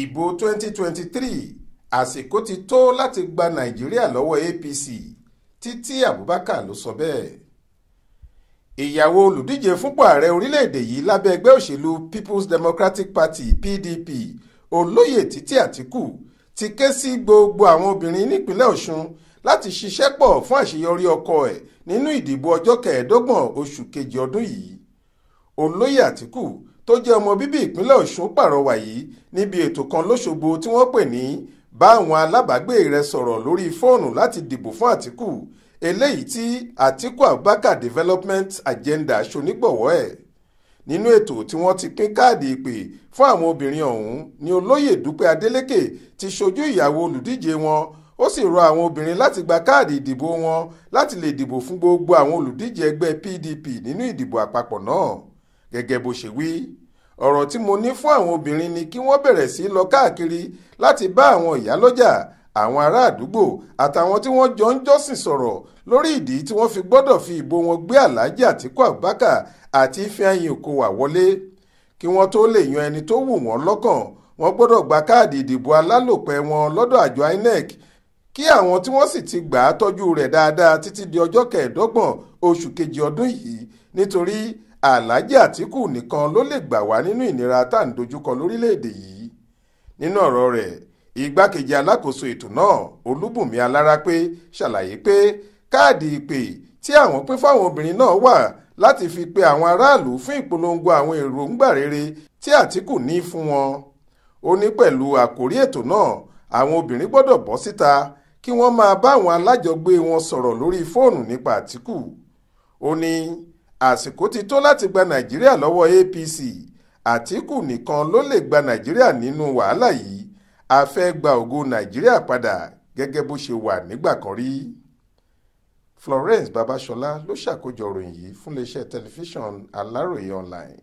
ìbò 2023 àsìkò ti tó láti gba nàìjíríà lọ́wọ́ apc títí abubakar ló sọ bẹ́ẹ̀ ìyàwó olùdíje fúnpò ààrẹ orílẹ̀-èdè yìí lábẹ́ ẹgbẹ́ òṣèlú people's democratic party pdp olóyè títí àtìkù ti ké sí gbogbo àwọn obìnrin nípínlẹ̀ ọ̀ṣun láti ṣiṣẹ́ pọ̀ fún àṣeyọrí ọkọ ẹ̀ nínú ìdìbò ọjọ́ kẹẹ̀ẹ́dọ́gbọ̀n oṣù kejì ọdún yìí olóyè àtìkù tó jẹ́ ọmọ bíbí ìpínlẹ̀ ọ̀ṣun pàrọwà yìí níbi ètò kan lọ́ṣogbo tí wọ́n pè ní bá àwọn alábàágbé rẹ̀ sọ̀rọ̀ lórí fóònù láti dìbò fún àtìkù eléyìí tí àtìkù abubakar development agenda ṣonígbọ̀wọ́ ẹ̀ nínú ètò tí wọ́n ti pín káàdì ìpè fún àwọn obìnrin ọ̀hún ni olóyè dúpẹ́ adélékè ti ṣojú ìyàwó olùdíje wọn ó sì rọ àwọn obìnrin láti gba káàdì ìdìbò wọn láti lè dìbò fún gbogbo àwọn olùdíje ẹgbẹ́ pdp nínú ìdìbò àpapọ̀ náà gẹ́gẹ́ bó ṣe wí ọ̀rọ̀ tí mo ní fún àwọn obìnrin ni kí wọ́n bẹ̀rẹ̀ sí lọ káàkiri láti bá àwọn ìyálọ́jà àwọn ará àdúgbò àtàwọn tí wọ́n jọ ń jọ́sìn sọ̀rọ̀ lórí ìdí tí wọ́n fi gbọ́dọ̀ fi ìbò wọn gbé Alhaji Atiku Abubakar àti Ifeanyi Okowa wọlé kí wọ́n tó lè yan ẹni tó wù wọ́n lọ́kàn wọ́n gbọ́dọ̀ gba káàdì ìdìbò alálòpẹ́ wọn lọ́dọ̀ àjọ INEC kí àwọn tí wọ́n sì ti gbà á tọ́jú rẹ̀ dáadáa títí di ọjọ́ kẹẹ̀ẹ́dọ́gbọ̀n oṣù kejì ọdún yìí nítorí alhaji atiku nìkan ló lè gbà wá nínú ìnira tá à ń dojúkọ lórílẹ̀‐èdè yìí nínú ọ̀rọ̀ rẹ̀ igbákejì alákòóso ètò náà olúbùnmi alárápé ṣàlàyé pé káàdì ìpè tí àwọn pín fáwọn obìnrin náà wà láti fi pe àwọn aráàlú fún ìpolongo àwọn èròǹgbà rere tí àtìkù ní fún wọn ó ní pẹ̀lú àkórí ètò náà àwọn obìnrin gbọ́dọ̀ bọ́ síta kí wọ́n máa bá àwọn alájọgbé wọn sọ̀rọ̀ lórí fóònù nípa àtìkù ó ní àsìkò ti tó láti gba nàìjíríà lọ́wọ́ apc àtìkù nìkan ló lè gba nàìjíríà nínú wàhálà yìí a fẹ́ gba ògo nàìjíríà padà gẹ́gẹ́ bó ṣe wà nígbà kan rí. florence babasola ló ṣàkójọ ròyìn yìí fún iléeṣẹ́ tẹlifíṣàn aláròye online.